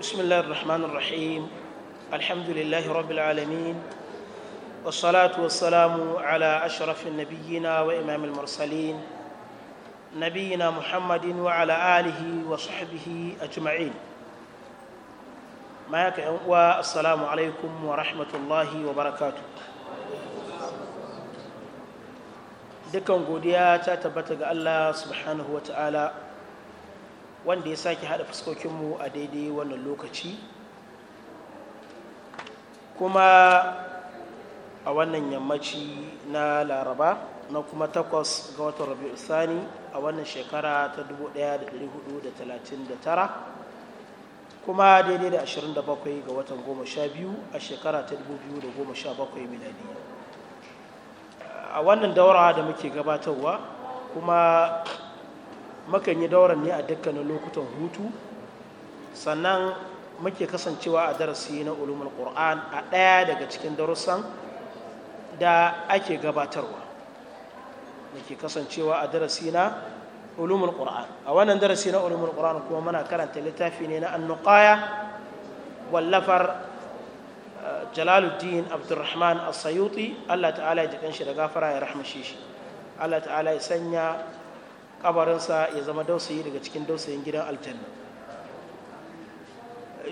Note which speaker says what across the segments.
Speaker 1: بسم الله الرحمن الرحيم الحمد لله رب العالمين والصلاة والسلام على أشرف النبيين وإمام المرسلين نبينا محمد وعلى آله وصحبه أجمعين معك والسلام عليكم ورحمة الله وبركاته دكان قوديا تتبتق الله سبحانه وتعالى wanda ya sake hada fuskokinmu a daidai wannan lokaci kuma a wannan yammaci na laraba na kuma takwas ga watan rabi'u sani a wannan shekara ta 1439 kuma daidai da 27 ga watan 12 a shekara ta 2017 miladi a wannan daura da muke gabatarwa kuma makan yi dauran ne a dukkanin lokutan hutu sannan muke kasancewa a darasi na ulumul qur'an a ɗaya daga cikin darussan da ake gabatarwa da kasancewa a darasi na ulumul qur'an a wannan darasi na ulumul qur'an kuma muna karanta littafi ne na annuqaya wallafar eh, jalaluddin abdurrahman as-sayuti Allah ta'ala ya jikan shi da gafara ya rahmashe shi Allah ta'ala ya sanya kabarinsa ya zama dausayi daga cikin dausayin gidan aljanna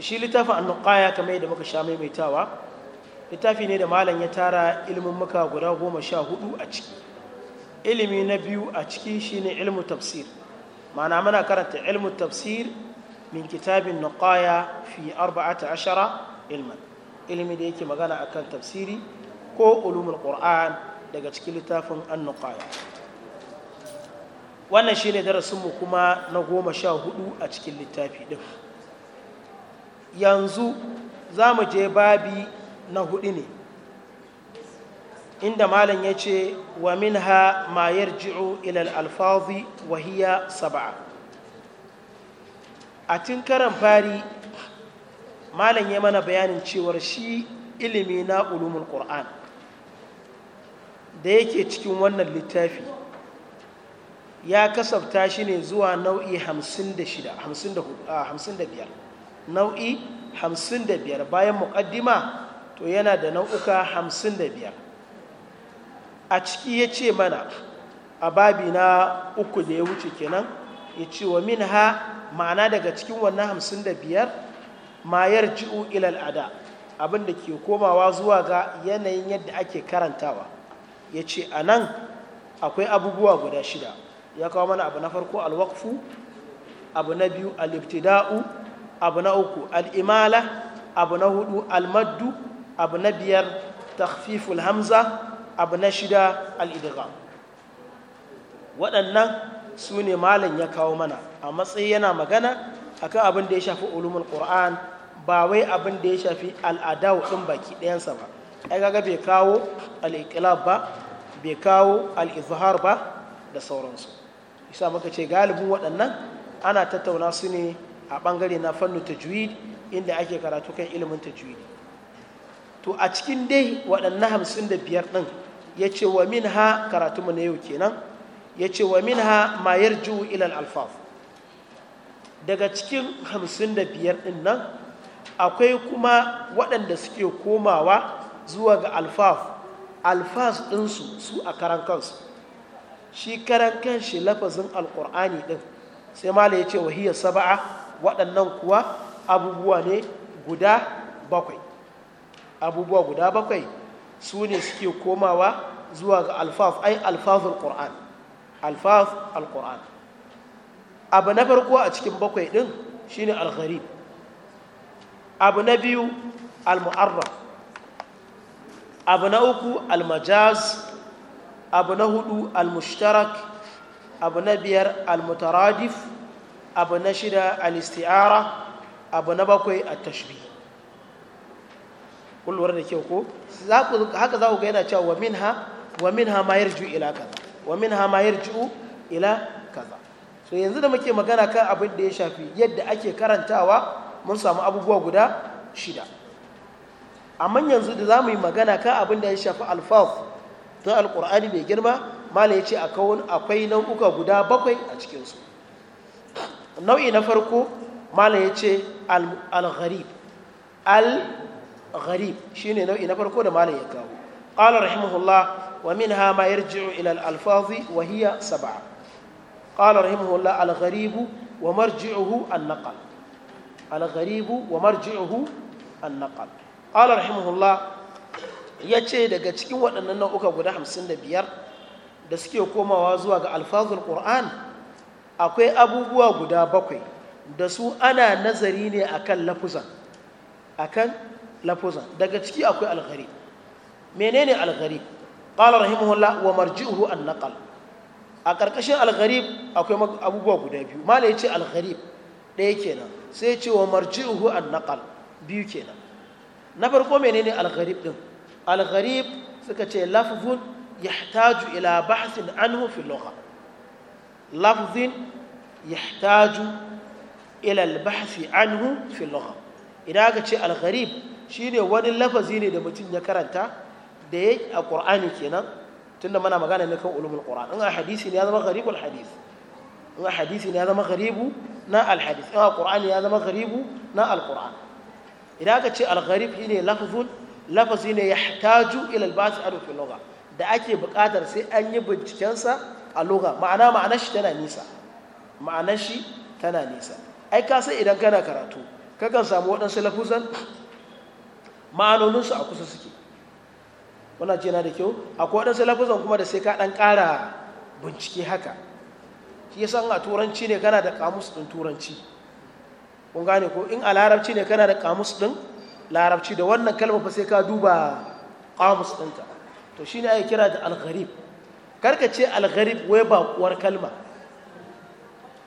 Speaker 1: shi littafin annukaya kamar yadda muka sha maimaitawa littafi ne da malam ya tara ilimin muka guda goma sha hudu a ciki ilimi na biyu a ciki shine ilmu tafsir ma'ana mana karanta ilmu tafsir min kitabin nuqaya fi ta ashara ilman ilimi da yake magana akan tafsiri ko ulumul qur'an daga cikin littafin annuqaya wannan shi ne darasinmu kuma na goma sha hudu a cikin littafi ɗin yanzu za mu je babi na hudu ne inda malam ya ce wa min ha ma yarji'u ilal alfazi wahiya saba'a a tun karan fari malam ya mana bayanin cewar shi ilimi na ulumul qur'an da yake cikin wannan littafi ya kasafta shi ne zuwa nau'i 55 nau'i 55 bayan muƙaddima to yana da nau'uka 55 a ciki ya ce mana a babi na uku da ya wuce kenan ya ce wa min ha ma'ana daga cikin wannan 55 mayar ji'u ilal ada abin da ke komawa zuwa ga yanayin yadda ake karantawa ya ce a nan akwai abubuwa guda shida ya kawo mana abu na farko alwakfu abu na biyu aliftida'u abu na uku al'imala abu na hudu almaddu abu na biyar takfiful hamza abu na shida al'idgham waɗannan su ne malin ya kawo mana a matsayi yana magana a kan abin da ya shafi ulumul qur'an ba wai abin da ya shafi al'adau ɗin baki ɗayansa ba ai gaga bai kawo al'iqlab ba bai kawo al’izuhar ba da sauransu isa muka ce galibin waɗannan ana tattauna su ne a ɓangare na fannin tajwid inda ake karatu kan ilimin tajwidi to a cikin dai waɗannan hamsin da biyar ɗin ya ce wa min ha karatu mu na yau kenan ya ce wa min ha ma yarju ilal alfaf daga cikin hamsin da biyar ɗin nan akwai kuma waɗanda suke komawa zuwa ga alfaf alfas ɗinsu su a karan kansu shi karan kanshi lafazin alkur'ani din sai mala ya ce wahiyar saba'a waɗannan kuwa abubuwa ne guda bakwai abubuwa guda bakwai su ne suke komawa zuwa ga alfaf ai alfafin qur'an alfaf alqur'an abu na farko a cikin bakwai din shine alharib abu na biyu almu'arraf abu na uku almajaz abu na hudu al-mushtarak abu na biyar al-mutaradif abu na shida al-isti'ara abu na bakwai at tashbi kullum da kyau ko haka za ku ga yana cewa wa minha wa minha ma yarju ila kaza wa minha ma yarju ila kaza so yanzu da muke magana kan abin da ya shafi yadda ake karantawa mun samu abubuwa guda shida amma yanzu da za mu yi magana kan abin da ya shafi alfaz tun alkur'ani mai girma mala ya ce akwai nau'uka guda bakwai a cikinsu nau'i na farko mala ya ce al-gharib al-gharib shi ne nau'i na farko da mala ya kawo ƙalar rahimahullah wa min hama ma yarji'u ila alfazi wa hiya sab'a ƙalar rahimahullah al-gharibu wa marji'uhu an-naqal al-gharibu wa marji'uhu an-naqal ƙalar rahimahullah ya ce daga cikin waɗannan nau'uka guda hamsin da biyar da suke komawa zuwa ga alfazul ƙur'an akwai abubuwa guda bakwai da su ana nazari ne akan lafuzan lafuzan daga ciki akwai alghari menene alghari ƙalar rahimahullah wa marji'uhu an naqal a ƙarƙashin algharib akwai abubuwa guda biyu ya ce algharib ɗaya kenan sai ce wa marji'uhu an naqal biyu kenan na farko menene algharib din al-gharib suka ce lafzun yahtaju ila bahsin anhu fi lugha lafzin yahtaju ila al-bahsi anhu fi lugha idan aka ce al-gharib shine wani lafazi ne da mutum ya karanta da ya a qur'ani kenan tunda muna magana ne kan ulumul qur'an in a hadisi ne ya zama gharibul hadisi in a hadisi ne ya zama gharibu na al-hadis in a qur'ani ya zama gharibu na al-qur'an idan aka ce al-gharib shine lafzun lafazi ne ya taju al-ba'th adu fi lugha da ake buƙatar sai an yi bincikensa a loga ma'ana ma'ana shi tana nisa ma'ana shi tana nisa ai ka sai idan kana karatu kakan samu waɗansu lafuzan ma'anoninsu a kusa suke wana ce na da kyau akwai waɗansu lafuzan kuma da sai ka ɗan ƙara bincike haka shi yasa a turanci ne kana da kamus ɗin turanci kun gane ko in a larabci ne kana da kamus ɗin larabci da wannan kalma fa sai ka duba qamus ɗinka to shi ne ake kira da algharib karka ce algharib wai baƙuwar kalma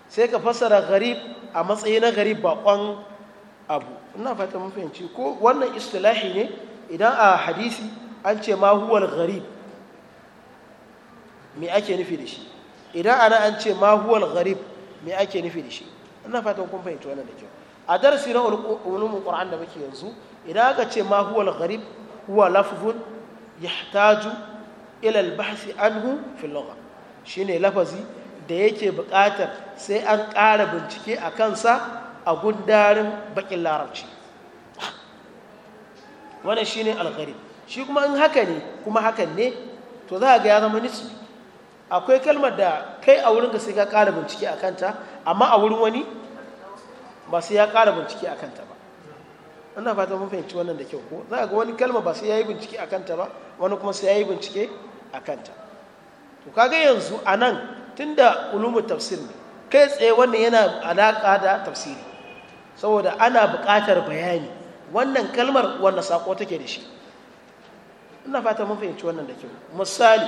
Speaker 1: sai ka fassara gharib a matsayi na gharib baƙon abu ina fata mun fahimci ko wannan istilahi ne idan a hadisi an ce ma huwal gharib me ake nufi da shi idan ana an ce ma huwal gharib me ake nufi da shi ina fatan kun fahimci wannan da kyau a darasi na ulumin qur'an da muke yanzu idan aka ce ma huwa al-gharib huwa lafzun yahtaju ila al-bahth anhu filoga shi shine lafazi da yake buƙatar sai an ƙara bincike a kansa a gundarin baƙin larabci wannan shine al-gharib shi kuma in haka ne kuma haka ne to za a ga ya zama nisu akwai kalmar da kai a wurin ga sai ka ƙara bincike a kanta amma a wurin wani ba sai ya ƙara bincike a kanta ba ina fata mun fahimci wannan da kyau ko za ga wani kalma ba sai ya yi bincike a kanta ba wani kuma sai ya yi bincike a kanta to kaga yanzu a nan tun da ulumul tafsir ne kai tsaye wannan yana alaƙa da tafsiri saboda ana buƙatar bayani wannan kalmar wannan saƙo take da shi ina fata mun fahimci wannan da kyau misali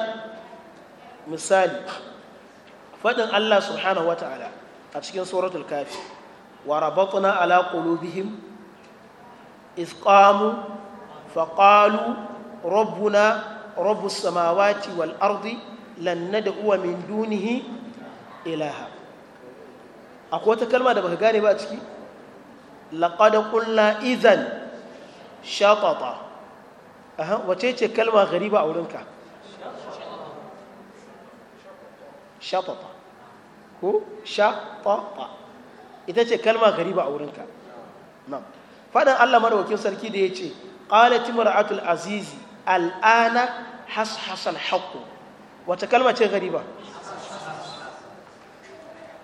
Speaker 1: misali faɗin Allah subhanahu ta'ala a cikin suratul kafi وربطنا على قلوبهم إذ قاموا فقالوا ربنا رب السماوات والأرض لن ندعو من دونه إلها أقوى تكلمة دبها قاني باتكي لقد قلنا إذن شططا أها وتيتي كلمة غريبة أو لنكا شططا هو شططا ita ce kalma gariba a wurinka faɗin allah marawakin sarki da ya ce ƙalati mara'atul azizi al'ana hashasal haƙƙo wata kalma ce gariba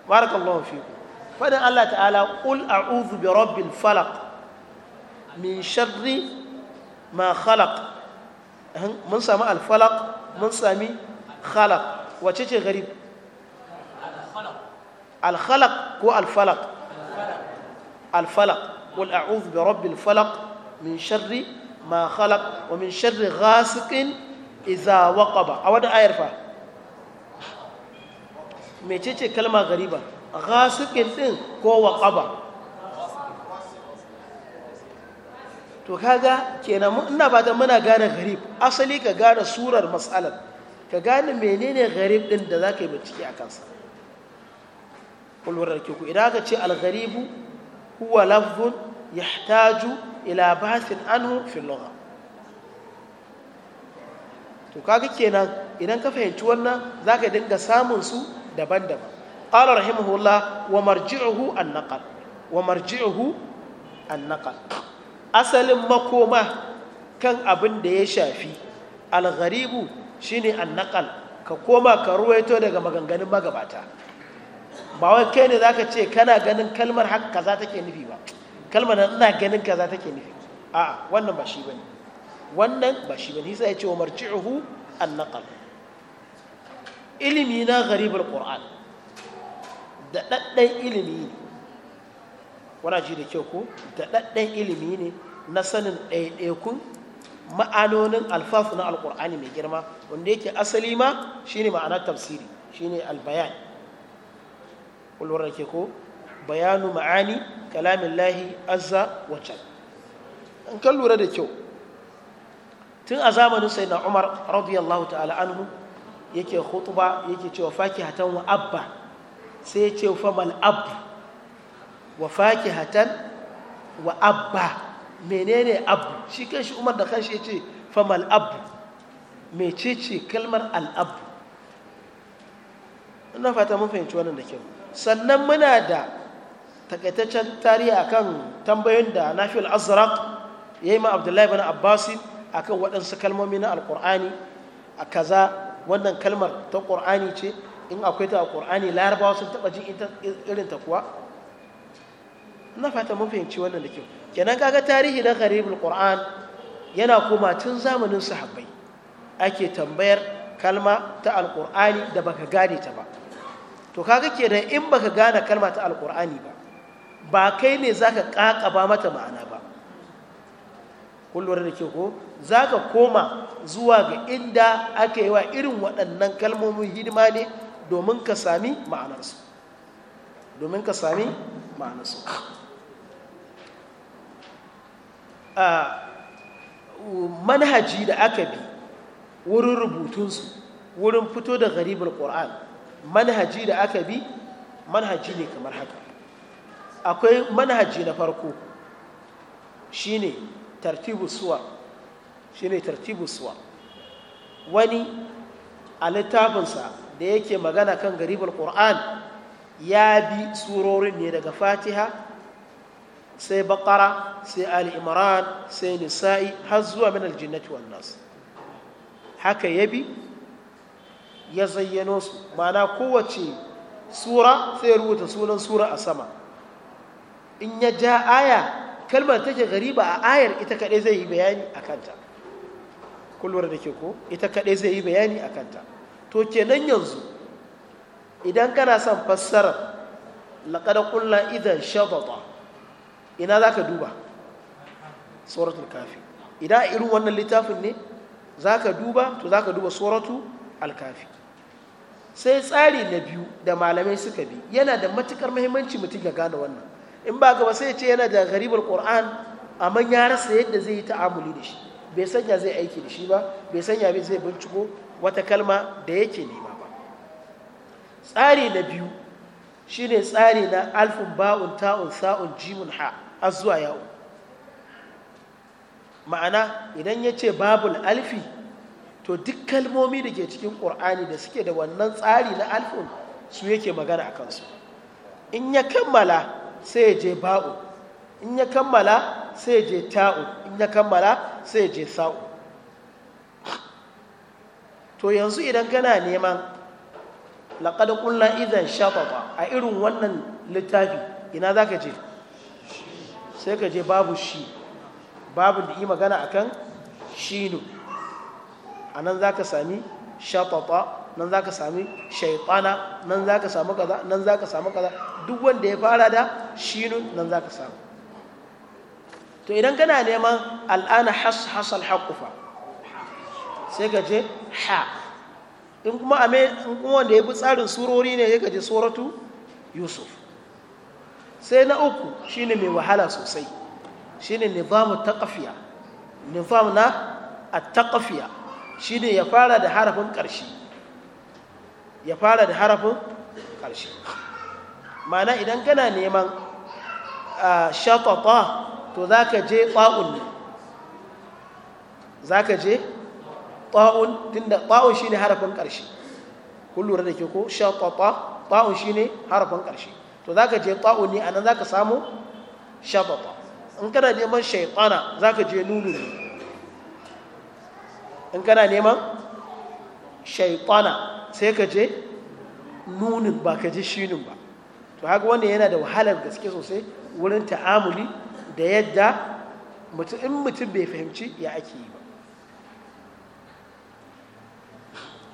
Speaker 1: barakallahu fi ku faɗin allah ta'ala ƙul a'udhu bi rabbil falaq min sharri ma khalaq mun sami alfalaq mun sami khalaq wace ce garib alkhalaq ko alfalaq الفلق قل أعوذ برب الفلق من شر ما خلق ومن شر غاسق إذا وقب أود أعرف ميتيتي كلمة غريبة غاسق إن كو وقب to kaga kenan ina ba muna gane garib asali ka gane surar matsalar ka gane menene garib din da za ka yi bincike a kansa kulwarar ku idan ka ce algharibu huwa lafzun yahtaju ila basin anhu fil to kaga kenan idan ka fahimci wannan zaka dinga samun su daban-daban qala rahimahullah wa marji'uhu an-naqal wa marji'uhu an-naqal asalin makoma kan abin da ya shafi al-gharibu shine an-naqal ka koma ka ruwaito daga maganganun magabata ba wai kai ne zaka ce kana ganin kalmar haka kaza take nufi ba kalmar nan ina ganin kaza take nufi a wannan ba shi bane wannan ba shi bane hisa ya ce wa marji'uhu an-naqal ilimi na gharibul qur'an da daddan ilimi ne wana ji da kyau ko da daddan ilimi ne na sanin ɗaiɗaikun ma'anonin alfafu na alkur'ani mai girma wanda yake asali ma shine ma'anar tafsiri shine albayan kullum da ke ko bayanu ma'ani kalamin lahi azza wacan in kan lura da kyau tun a zamanin sai na umar radiyallahu ta'ala anhu yake hutuba yake cewa faki hatan wa abba sai ya ce fa mal abbu wa faki hatan wa abba menene abu shi kan shi umar da kanshi ya ce fa mal abbu ce kalmar al'abbu ina fata mun fahimci wannan da kyau sannan muna da takaitaccen tarihi akan tambayoyin da nafi'ul azraq ya yi ma abdullahi bin abbasin akan waɗansu kalmomi na alƙur'ani a kaza wannan kalmar ta ƙur'ani ce in akwai ta a ƙur'ani larabawa sun taɓa jin irin ta kuwa na fata mun fahimci wannan da kyau kenan kaga tarihi na gharibul ƙur'an yana koma tun zamanin sahabbai ake tambayar kalma ta alƙur'ani da baka gane ta ba to kaga kenan in baka gane kalma ta alqur'ani ba ba kai ne zaka kakaba mata ma'ana ba kun da ke ko zaka koma zuwa ga inda aka yi wa irin waɗannan kalmomin hidima ne domin ka sami ma'anarsu domin ka sami ma'anarsu a manhaji da aka bi wurin rubutunsu wurin fito da garibul qur'an manhaji da aka bi manhaji ne kamar haka akwai manhaji na farko shine tartibu suwa tartibu suwa wani a littafinsa da yake magana kan garibar ƙoran ya bi surorin ne daga fatiha sai bakara sai ali imran sai nisa'i har zuwa min aljinnati wan haka ya bi ya zayyano su mana kowace sura sai ya rubuta sunan sura a sama in ya ja aya kalmar take gariba a ayar ita kaɗai zai yi bayani a kanta kulwar da ke ko ita kaɗai zai yi bayani a kanta to kenan yanzu idan kana son fassarar laƙada ƙulla idan shababa ina za ka duba suratul kafi idan irin wannan littafin ne za ka duba to za ka duba suratul alkafi sai tsari na biyu da malamai suka bi yana da matukar mahimmanci mutum ya gane wannan in ba gaba sai ce yana da garibar qur'an amma ya rasa yadda zai yi ta'amuli da shi bai sanya zai aiki da shi ba bai sanya zai binciko wata kalma da yake nema ba tsari na biyu shine tsari na alfin ba'un ta'un sa'un jimun ha har zuwa ya'u ma'ana idan ya ce babul alfi to duk kalmomi da ke cikin ƙur'ani da suke da wannan tsari na alfun su yake magana a kansu in ya kammala sai ya je ba'u in ya kammala sai ya je ta'u in ya kammala sai ya je sa'u to yanzu idan kana neman laƙaɗa ƙunla idan shafafa a irin wannan littafi ina za ka je sai ka je babu shi babu da yi magana akan shinu a nan za ka sami shatata nan za ka sami shaitana nan za ka sami kaza nan za ka sami kaza duk wanda ya fara da shinun nan za ka samu to idan kana neman al'ana has hasal haƙufa sai ka je ha in kuma a in kuma wanda ya bi tsarin surori ne ya je suratu yusuf sai na uku shine mai wahala sosai shine nizamu taqafiya nizam na at-taqafiya shi ne ya fara da harafin ƙarshe ya fara da harafin ƙarshe mana idan kana neman shatata to za ka je ƙa'un ne za ka je tun da ƙa'un shi ne harafin ƙarshe kun da ke ko shatata ƙa'un shi ne harafin ƙarshe to za ka je ƙa'un ne a nan za ka samu shatata in kana neman shaitana za ka je nunu ne in kana neman shaitana sai ka je nunin ba ka ji shinin ba to haka wanda yana da wahalar gaske sosai wurin ta'amuli da yadda in mutum bai fahimci ya ake yi ba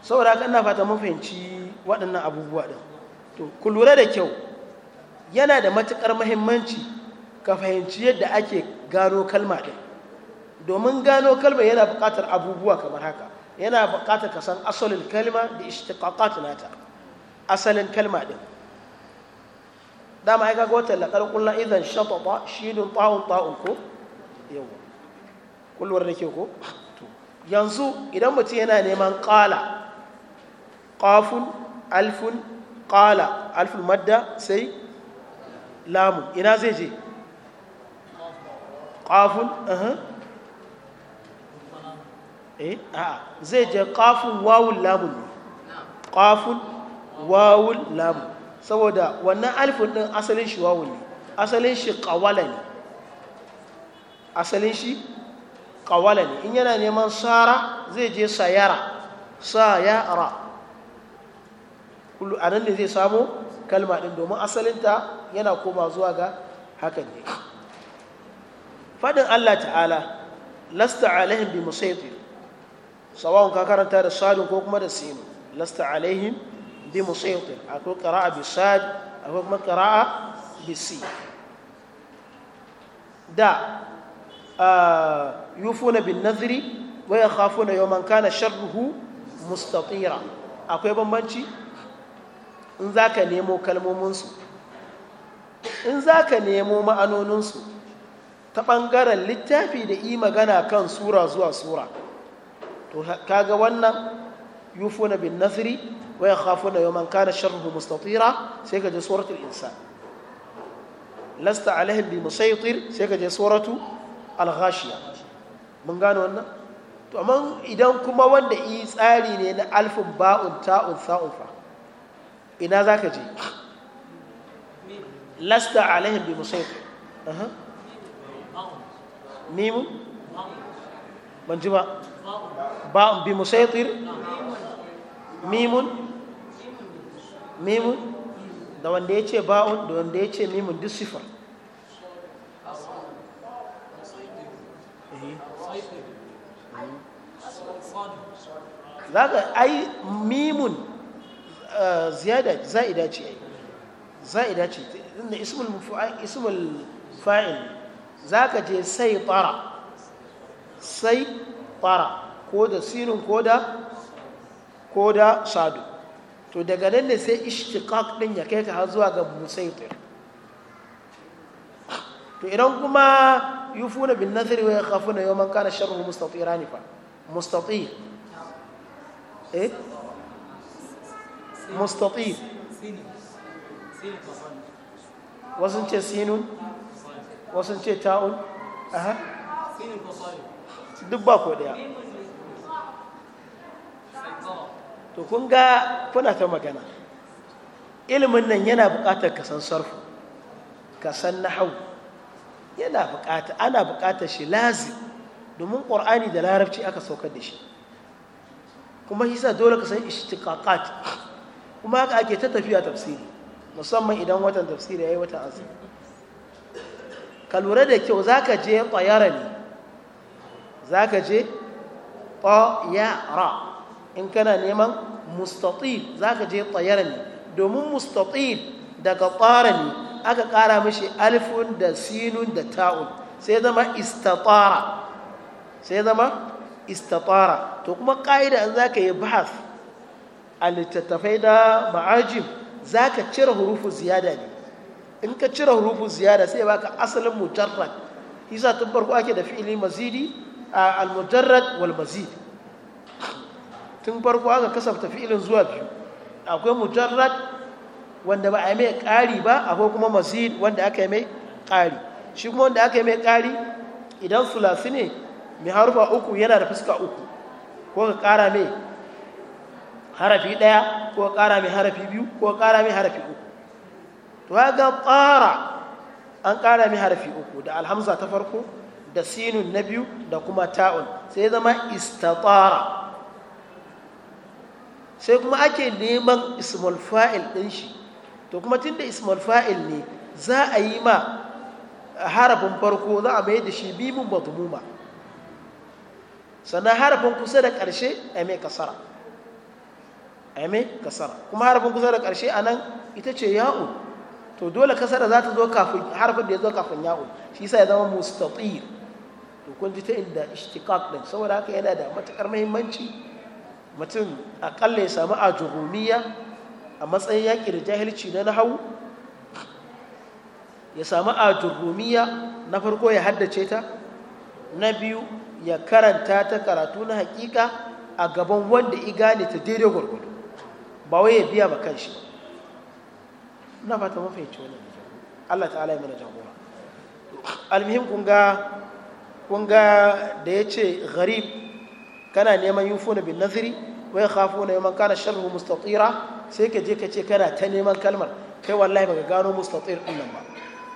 Speaker 1: saboda haka ina fata mun fahimci waɗannan abubuwa ɗin to ku lura da kyau yana da matuƙar mahimmanci ka fahimci yadda ake gano kalma ɗin domin gano kalma yana buƙatar abubuwa kamar haka yana buƙatar ka san asalin kalma da ishtiqaqat nata asalin kalma din dama ai kaga wata laqal qulna idan shatata shidun ta'un ta'un ko yawa kullwar da ko yanzu idan mutum yana neman qala qafun alfun qala alfun madda sai lamu ina zai je qafun aha Eh? zai je kafin wawul lamun ne, kafin wawul lamun saboda wannan alifin ɗin asalin shi wawul ne asalin shi kawala ne asalin shi kawala ne in yana neman sara zai je sayara sayara kullu anan ne zai samu kalma ɗin domin asalinta yana koma zuwa ga hakan ne Faɗin Allah ta'ala lasta alihin bi musaitir sawawun ka karanta da sadin ko kuma da sinu lasta alaihim bi musaitin akwai qira'a bi sad akwai kuma qira'a bi si da yufuna bin nadri wa yakhafuna yawman kana sharruhu mustatira akwai bambanci in za ka kalmomin su. in za ka nemo su ta bangaren littafi da yi magana kan sura zuwa sura to kaga wannan yufuna bin nasri wa yakhafuna yawman kana sharruhu mustatira sai kaje je suratul insan lasta alaihim bi musaytir sai kaje je suratu al-ghashiya mun gane wannan to amma idan kuma wanda yi tsari ne na alfin ba'un ta'un sa'un fa ina zaka je lasta alaihim bi musaytir aha mimu ban ji ba ba bi musaitir mimun mimun da wanda ya ce ba'un da wanda ya ce mimun duk sifar eh. za ka ai mimun eh, ziyada za'ida ce ai za'ida ce inda ismul fa'il za ka je sai tara sai fara ko da sinin ko da ko da sadu to daga nan ne sai ishtiqaq din ya kai ka har zuwa ga musaitir to idan kuma yufuna bin nadhri wa yakhafuna yawman kana sharruhu mustatiran fa mustati eh mustati
Speaker 2: wasan ce sinun
Speaker 1: wasan ce ta'un aha sinun duk ba ko daya to kun ga kuna ta magana ilimin nan yana buƙatar san sarfu ka san nahau yana buƙata ana buƙatar shi lazi domin ƙur'ani da larabci aka saukar da shi kuma shi sa dole ka san ishtiqaqat kuma haka ake ta tafiya tafsiri musamman idan watan tafsiri yayi watan azumi ka lura da kyau zaka je tsayara ne za ka ce ra in kana neman mustatil za ka je tsayar ne domin mustatil daga tsara ne aka ƙara mashi alifun da sinun da ta'un sai zama istatara sai zama istatara to kuma ƙa'ida an za ka yi bahas a littattafai na ma'ajim za ka cire hurufu ziyada ne in ka cire hurufu ziyada sai ba ka asalin mujarrad isa tun farko ake da fi'ili mazidi al-mujarrad wal mazid tun farko aka kasafta fi'ilin zuwa biyu akwai mujarrad wanda ba a mai ƙari ba akwai kuma mazid wanda aka yi mai ƙari shi kuma wanda aka yi mai ƙari idan sulasi ne mai harufa uku yana da fuska uku ko ka ƙara mai harafi ɗaya ko ka ƙara mai harafi biyu ko ka ƙara mai harafi uku to haka ƙara an ƙara mai harafi uku da alhamza ta farko da sinun na biyu da kuma ta'un sai zama istatara sai kuma ake neman ismul fa'il ɗin shi to kuma tunda ismul fa'il ne za a yi ma harafin farko za a mai da shi bimin batmuma sannan harafin kusa da ƙarshe a mai kasara a mai kasara kuma harafin kusa da ƙarshe a nan ita ce ya'u to dole kasara za ta zo kafin harafin da ya zo kafin ya'u shi sa ya zama mustatir to kun ji ta inda ishtiqaq din saboda haka yana da matukar muhimmanci mutum akalla ya samu ajurumiya a matsayin yaƙi da jahilci na nahawu ya samu ajurumiya na farko ya haddace ta na biyu ya karanta ta karatu na hakika a gaban wanda i gane ta daidai gwargwado ba wai ya biya ba kanshi shi na fata mafi wannan da Allah ta'ala ya mana jagora almuhim kun ga kun ga da ya ce gharib kana neman yufo na bin naziri wai khafo na yaman kana sharhu mustatira sai ka je ka ce kana ta neman kalmar kai wallahi baka gano mustatir din nan ba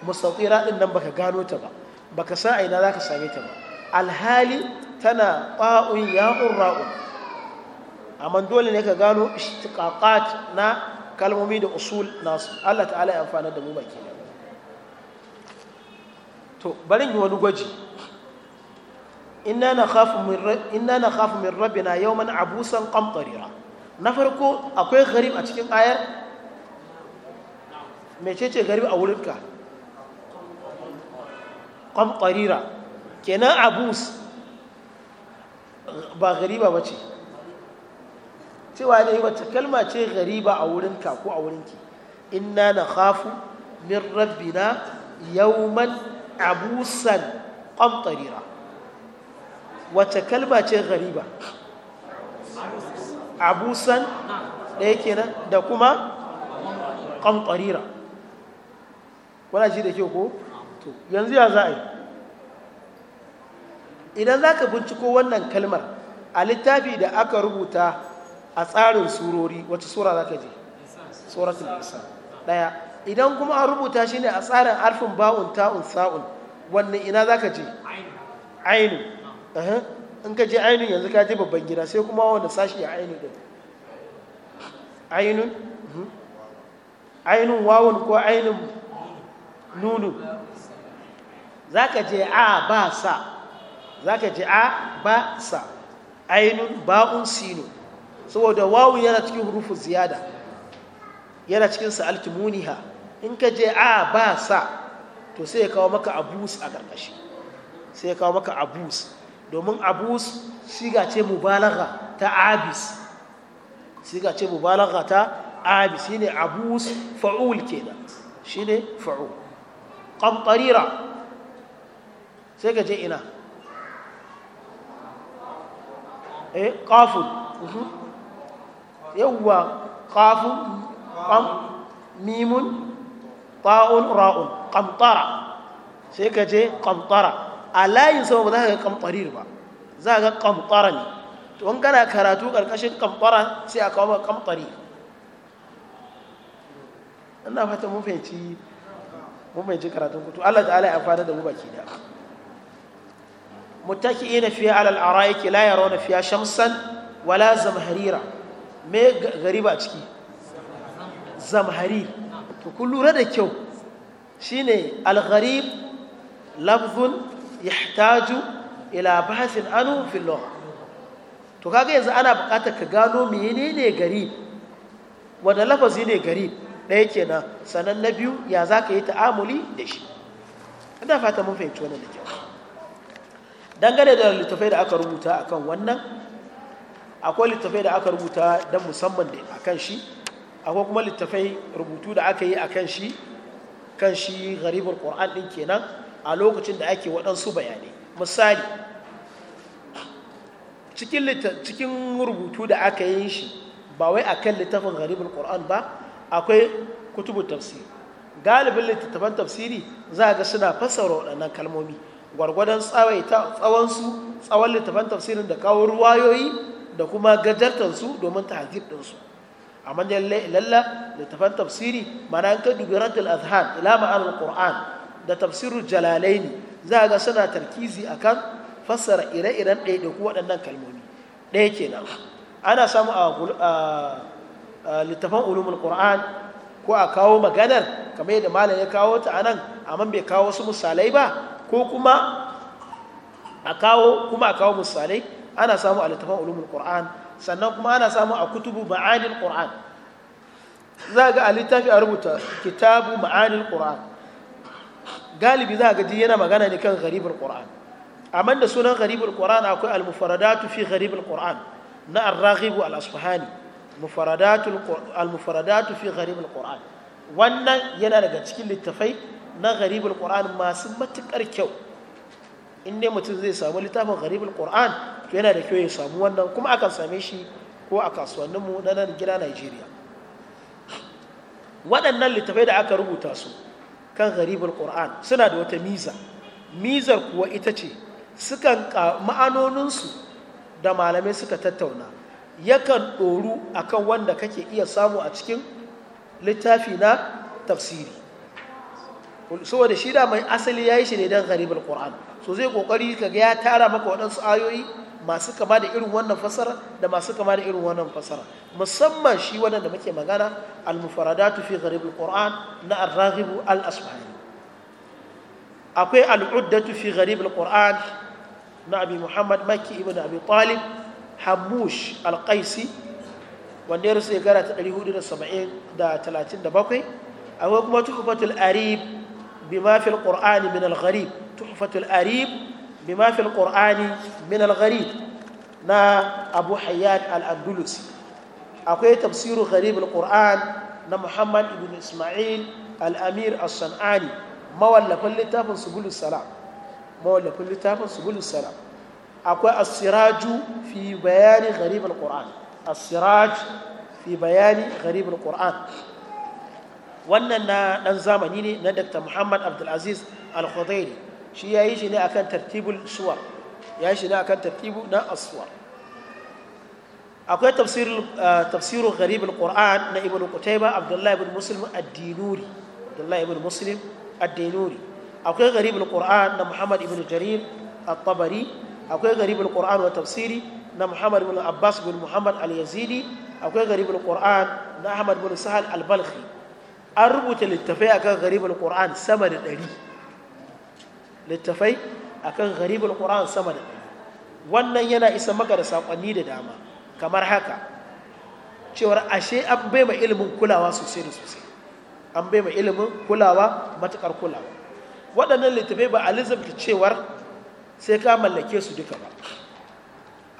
Speaker 1: mustatira din nan baka gano ta ba baka san a ina zaka same ta ba alhali tana qa'un ya'un ra'un amma dole ne ka gano ishtiqaqat na kalmomi da usul nasu Allah ta'ala ya amfana da mu baki to bari yi wani gwaji inna na khafu min yau yawman abusan qamtarira na farko akwai garib a cikin ayar mecece garib a wurinka qamtarira kenan abus ba gariba ba ce cewa yi wata kalma ce gariba a wurinka ko a wurinki inna na khafu min yau man abusan qamtarira wacce kalba ce gariba abusan yake kenan da kuma kamfarira wana shi da ke ko to yanzu ya za a yi idan za ka binciko wannan kalmar a littafi da aka rubuta a tsarin surori wacce sura za ka je tsoratun isa ɗaya idan kuma an rubuta shi ne a tsarin alfin ba'un ta'un sa'un wannan ina za ka je ainihin in ka je ainihin yanzu ka je babban gida sai kuma wanda sashi a ainihin din ainihin mhm. ainihin wawon ko ainihin nunu za ka je a ba sa za ka je a ba sa ainihin ba'un sino saboda wawon yana cikin rufin ziyada yana cikin alkimuni ha in ka je a ba sa to sai ya kawo maka abus a ƙarƙashi sai ya kawo maka abus domin abus shiga ce mubalagha ta abis shiga ce mubalagha ta abis shine abus fa'ul kenan shine fa'ul qamtarira sai ka je ina eh qafun mhm. yawwa qafun qam mimun ta'un ra'un qamtara sai ka je qamtara a layin sama ba za ka ga kamfarir ba za ka ga kamfara ne to in kana karatu karkashin kamfara sai a kawo maka kamfari ina fata mun fahimci mun fahimci karatun kutu Allah ta'ala ya amfana da mu baki da muttaki'ina fiha alal ara'iki la yarawna fiha shamsan wala zamharira me gari ba ciki zamhari to kun lura da kyau shine al-gharib lafzun yahtaju ila bahasin anu fil to kaga yanzu ana buƙatar ka gano menene garib wanda lafazi ne garib ɗaya kenan sanan na biyu ya zaka ka yi ta'amuli da shi ina fata mun fahimci wannan da kyau dangane da littafai da aka rubuta akan wannan akwai littafai da aka rubuta don musamman da akan shi akwai kuma littafai rubutu da aka yi akan shi kan shi garibul qur'an ɗin kenan a lokacin da ake waɗansu bayanai misali cikin rubutu da aka yi shi ba wai a kan littafin garibin ƙoran ba akwai kutubu tafsiri galibin littattafan tafsiri za a ga suna fassara waɗannan kalmomi gwargwadon tsawonsu tsawon littattafan tafsirin da kawo ruwayoyi da kuma gajartansu domin ta ɗinsu amma da lalla littattafan tafsiri mana an ka dubi raddul azhan ila ma'anar qur'an da tafsirul jalalaini za a ga suna tarkizi a kan fassara ire-iren ɗaiɗaiku waɗannan kalmomi ɗaya kenan ana samu a littafan ulumul qur'an ko a kawo maganar kamar yadda malam ya kawo ta anan amma bai kawo wasu misalai ba ko kuma a kawo kuma a kawo misalai ana samu a littafan ulumul qur'an sannan kuma ana samu a kutubu ma'anin qur'an za ga a littafi a rubuta kitabu ma'anin qur'an galibi za gaji yana magana ne kan gharibul qur'an amma da sunan gharibul qur'an akwai al mufaradatu fi gharibul qur'an na ar al asfahani al mufaradatu fi gharibul wannan yana daga cikin littafai na gharibul qur'an masu matukar kyau in dai mutum zai samu littafin gharibul qur'an to yana da kyau ya samu wannan kuma akan same shi ko a kasuwanninmu na nan gida Najeriya waɗannan littafai da aka rubuta su kan gharibul qur'an suna da wata miza mizar kuwa ita ce sukan ma'anoninsu da malamai suka tattauna yakan ɗoru akan wanda kake iya samu a cikin littafi na tafsiri saboda shi da mai asali ya yi shi ne don gharibul qur'an so zai kokari ga ya tara maka waɗansu ayoyi masu kama da irin wannan fasara da masu kama da irin wannan fasara musamman shi wannan da muke magana al-mufaradatu fi gharib al-qur'an na ar-raghib al-asbahani akwai al-uddatu fi gharib al-qur'an na abi muhammad makki ibn abi talib hamush al-qaisi wanda ya rusa gara ta 437 akwai kuma tuhfatul arib bima fi al-qur'an min al-gharib tuhfatul arib bima fil qur'ani al-gharib na abu hayyad al-abdulusi akwai tafsiru gharib al-qur'an na muhammad ibn isma'il al-amir as-san'ani mawallafin littafin subulus salam mawallafin akwai asiraju fi bayani gharib al-qur'an fi bayani gharib wannan na dan zamani ne na dr muhammad abdulaziz al-khudairi shi ya yi shi ne akan tartibul suwar ya yi shi ne akan tartibu na aswar akwai tafsirin eh, gharib al-qur'an na ibn kutaiba abdullahi ibn muslim ad abdullahi ibn muslim ad akwai gharib al na muhammad ibn jarir at-tabari akwai gharib al-qur'an wa tafsiri na muhammad ibn abbas ibn muhammad al-yazidi akwai gharib al na ahmad ibn sahal al-balkhi an rubuta littafai akan gharib al-qur'an sama da ɗari littafai akan gharibul qur'an sama da ɗari wannan yana isa maka da sakonni da dama kamar haka cewar ashe an bai ma ilimin kulawa sosai da sosai an bai ma ilimin kulawa matukar kulawa waɗannan littafai ba a lizabta cewar sai ka mallake su duka ba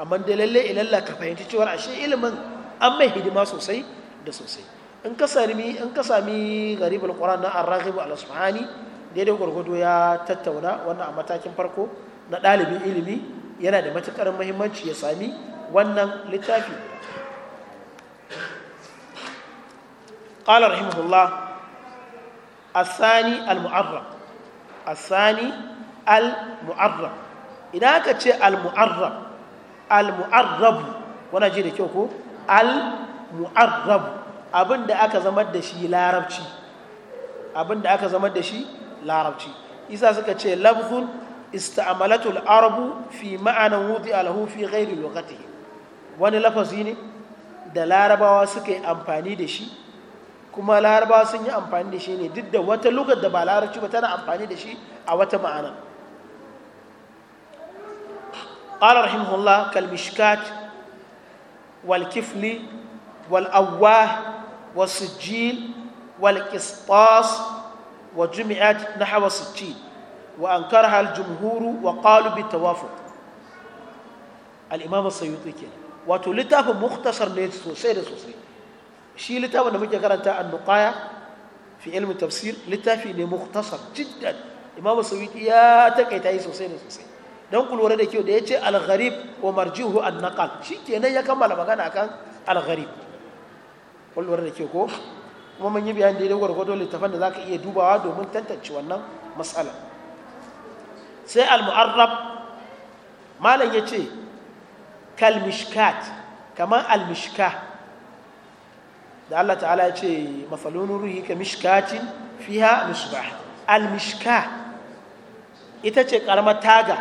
Speaker 1: amma da lalle ilalla ka fahimci cewar ashe ilimin an mai hidima sosai da sosai in ka sami in ka na an raghib al-asfahani daidai gwargwado ya tattauna wannan a matakin farko na ɗalibin ilimi yana da matuƙar muhimmanci ya sami wannan littafi قال رحمه الله الثاني المعرب الثاني المعرب إذا كنت المعرب المعرب وانا جيري كيوكو المعرب abin da aka zama da shi larabci abin da aka zama da shi larabci isa suka ce lafzun ista'amalatul arabu fi ma'anan wuti alahu fi ghairi lokatihi wani lafazi ne da larabawa suka yi amfani da shi kuma larabawa sun yi amfani da shi ne duk da wata lugar da ba larabci ba tana amfani da shi a wata ma'ana قال رحمه الله wal والكفل والأواه والسجيل والقسطاس وجمعت نحو ستين وأنكرها الجمهور وقالوا بالتوافق الإمام السيوطي كده وتلتاف مختصر نيت سوسي سوسي شيء لتاف أنا مجي قرأت النقايا في علم التفسير لتاف إني مختصر جدا إمام السيوطي يا تكيت أي سوسي سوسي don ku lura da kyau da ya ce algharib wa marjihu an naqal shi kenan ya kammala magana akan algharib kun lura da kyau ko kuma mun yi bayani daidai gwargwado littafan da za ka iya dubawa domin tantance wannan matsala sai al-mu'arrab malam ya ce kalmishkat kamar al-mishka da Allah ta'ala ya ce mafalon ruhi ka mishkatin fiha misbah al-mishka ita ce karamar taga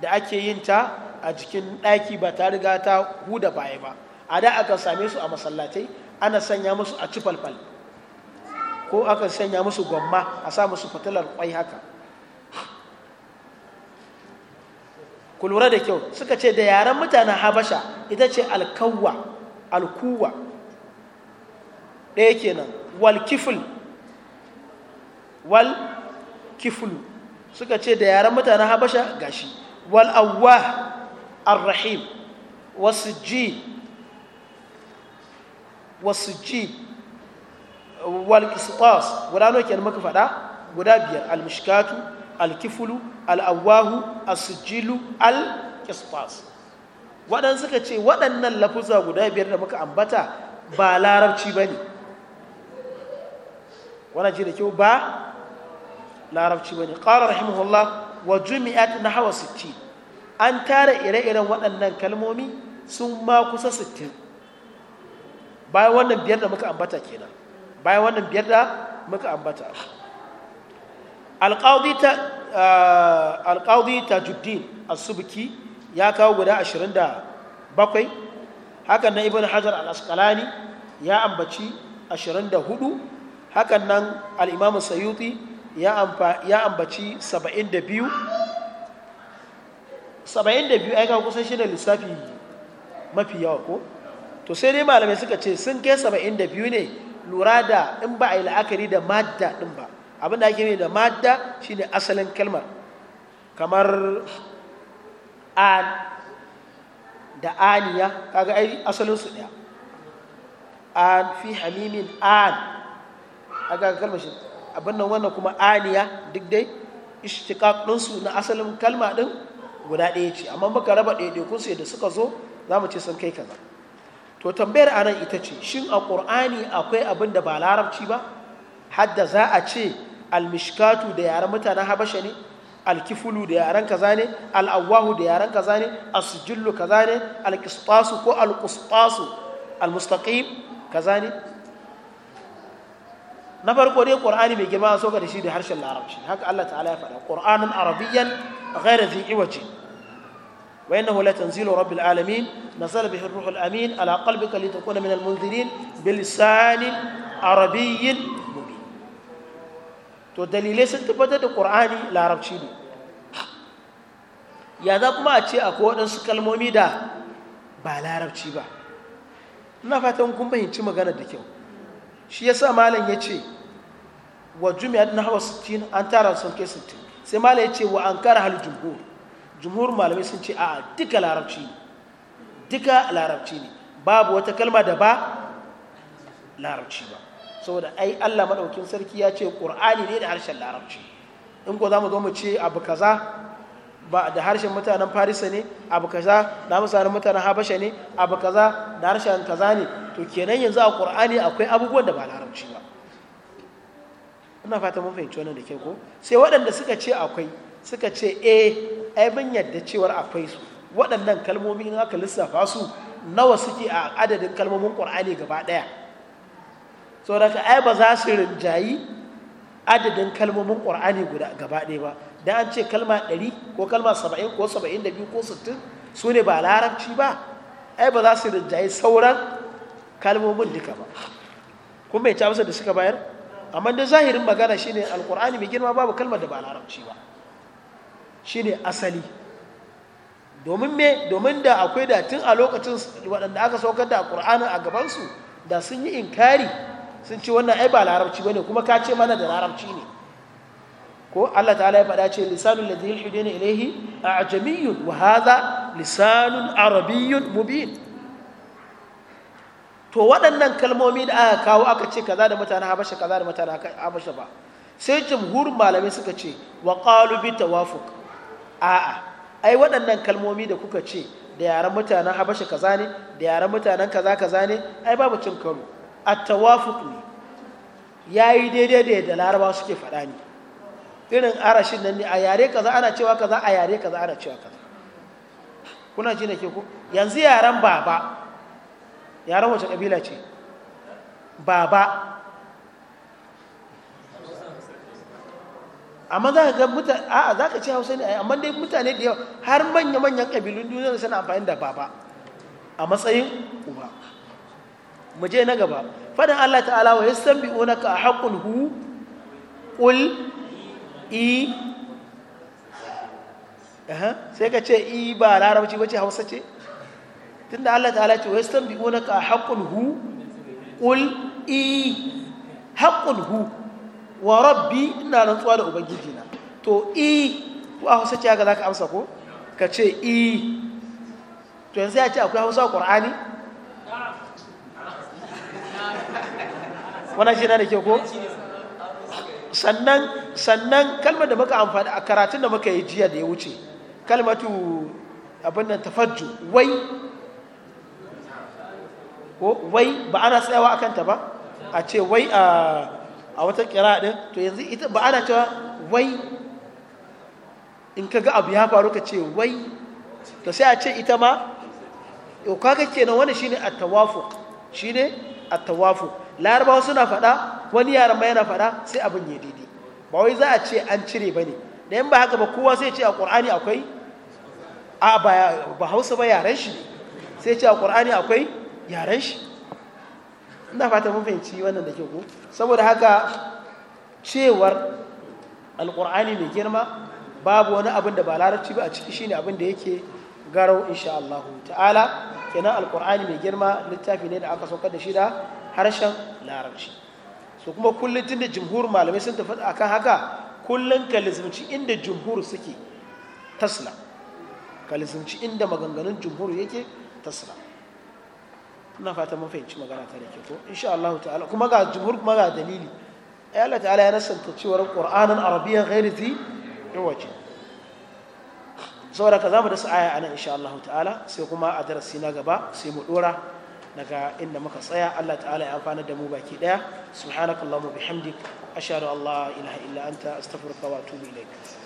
Speaker 1: da ake yin ta a jikin ɗaki ba ta riga ta huda baya ba a da aka same su a masallatai ana sanya musu a ci falfal ko aka sanya musu gwamma a sa musu fitilar kwai haka ku lura da kyau suka ce da yaren mutanen habasha ita ce alkawwa alkuwa ɗaya kenan walkiful wal kiful suka ce da yaren mutanen habasha gashi wal awwa arrahim wasu ji Wasu والسجيد والقسطاس ولا نوكي المكة faɗa guda biyar almishkatu alkifulu al'awahu asijilu alkisfas waɗansu suka ce waɗannan lafuza guda biyar da muka ambata ba larabci ba ne wana ji da kyau ba larabci ba ne ƙarar rahimahullah wa jumi'at na hawa 60 an tara ire-iren waɗannan kalmomi sun ma kusa sittin. bayan wannan biyar da muka ambata kenan bayan wannan biyar da muka ambata alƙaudi a subki ya kawo guda 27 hakan nan ibn hajar al-asqalani ya ambaci 24 hakan nan al-imam sayuti ya ambaci 72 72 ai ga kusan shi da lissafi mafi yawa ko to sai dai malamai suka ce sun kai saba'in da biyu ne lura da in ba a yi la'akari da madda ɗin ba abin da ake ne da madda shine asalin kalmar kamar an da aniya kaga ai asalin su ɗaya an fi hamimin an aga kalmar shi abin nan wannan kuma aniya duk dai ishtiqaq su na asalin kalma ɗin guda ɗaya ce amma baka raba ɗaiɗaikun su da suka zo za mu ce sun kai kaza to tambayar anan ita ce shin a ƙur'ani akwai abin da ba larabci ba hadda za a ce almishkatu da yaren mutanen habasha ne alkifulu da yaren kaza ne al'awahu da yaren kaza ne asjillu kaza ne ko alkustasu almustaqim kaza ne na farko dai ƙur'ani mai girma so ga da shi da harshen larabci haka Allah ta'ala ya faɗa ƙur'anin arabiyyan ghairu zai iwace وإنه لتنزيل رب العالمين نزل به الروح الأمين على قلبك لتكون من المنذرين بلسان عربي مبين تو دليلي سنتبت القرآن لا عرب شيني يا ذاك ما أتي أقوى أنس كلمومي دا بلا عرب شيبا ina fatan kun fahimci magana da kyau shi yasa malam ya ce wa jumi'a na hawa 60 an tara sun kai 60 sai malam ya ce wa an kara hal jumhur jumhur malamai sun ce a duka larabci ne duka larabci ne babu wata kalma da ba larabci ba saboda ai Allah madaukin sarki ya ce qur'ani ne da harshen larabci in ko zamu zo mu ce abu kaza ba da harshen mutanen farisa ne abu kaza da misalin mutanen habasha ne abu kaza da harshen kaza ne to kenan yanzu a qur'ani akwai abubuwan da ba larabci ba ina fata mun fahimci wannan da ke ko sai waɗanda suka ce akwai suka ce eh ai ban yadda cewar akwai su waɗannan kalmomi in aka lissafa su nawa suke a adadin kalmomin ƙwar'ani gaba ɗaya saboda ka ai ba za su rinjayi adadin kalmomin ƙwar'ani gaba ɗaya ba da an ce kalma ɗari ko kalma saba'in ko saba'in da biyu ko sittin su ne ba larabci ba ai ba za su rinjayi sauran kalmomin duka ba kun bai ta da suka bayar amma da zahirin magana shine alƙur'ani mai girma babu kalmar da ba larabci ba Shi ne asali domin me domin da akwai da tun a lokacin waɗanda aka saukar da ƙur'ani a gabansu da sun yi inkari sun ce wannan ai ba larabci ne kuma ka ce mana da larabci ne ko Allah ta ala ya faɗa ce da lisanul ne ilaihi a a'jamiyyun wa haza lisanun arabiyyun mubin to waɗannan kalmomi da aka kawo aka ce kaza da mutane Habasha kaza da mutane Habasha ba sai jamhurin malamai suka ce wa ƙalubi bi a'a ai waɗannan kalmomi da kuka ce da yaren mutanen habasha kaza ne da yaren mutanen kaza kaza ne ai babu cin karo A tawafuku ne Ya yi daidai da yadda larabawa suke faɗa ne irin arashin nan ne a yare kaza ana cewa kaza a yare kaza ana cewa kaza kuna ji ke ku yanzu yaren baba yaren wace kabila ce baba amma za ka ga mutane a'a za ka ce hausa ne amma dai mutane da yawa har manya-manyan ƙabilun duniya suna amfani da baba a matsayin uba mu je na gaba fadin Allah ta'ala wa ka haqqul hu Ƙul? i sai ka ce i ba larabci ba ce hausa ce tunda Allah ta'ala ce wa bi ka haqqul hu Ƙul? i haqqul hu wa rabbi ina rantsuwa da ubangiji na to i wa hausa ce haka zaka amsa ko ka ce i to yanzu ya ce akwai hausa a qur'ani wannan shi na da ke ko sannan sannan kalmar da muka amfani a karatun da muka yi jiya da ya wuce kalmatu abin nan tafajju wai ko wai ba ana tsayawa a kanta ba a ce wai a a wata kira ɗin to yanzu ita ba ana cewa wai in ka ga abu ya faru ka ce wai to sai a ce ita ma yau kaga kenan wani shine at-tawafuq shine at-tawafuq larabawa suna faɗa wani yaran ma yana faɗa sai abin ya daidai ba wai za a ce an cire ba ne da yin ba haka ba kowa sai ce a ƙur'ani akwai a ba hausa ba yaren shi sai ce a ƙur'ani akwai yaren shi ina fata mun fahimci wannan da ke ku saboda haka cewar alkur'ani mai girma babu wani abin da ba larabci ba a ciki shine abin da yake garau insha Allah ta'ala kenan alkur'ani mai girma littafi ne da aka saukar da shi da harshen larabci so kuma kullum tun da jumhur malamai sun tafi akan haka kullun ka inda jumhur suke tasla ka inda maganganun jumhur yake tasla ina fata mun fahimci magana ta da ke insha Allah ta'ala kuma ga jumhur kuma ga dalili ay Allah ta'ala ya nasanta cewar qur'anan arabiyyan ghairi zi yawaji saboda ka zamu dasa aya anan insha Allah ta'ala sai kuma a darasi na gaba sai mu dora daga inda muka tsaya Allah ta'ala ya amfana da mu baki daya subhanakallahumma bihamdik ashhadu an la ilaha illa anta astaghfiruka wa atubu ilaik